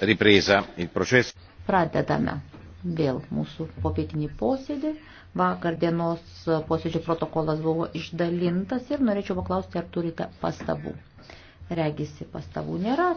Pradedame vėl mūsų popietinį posėdį. Vakar dienos posėdžio protokolas buvo išdalintas ir norėčiau paklausti, ar turite pastabų. Regisi pastabų nėra.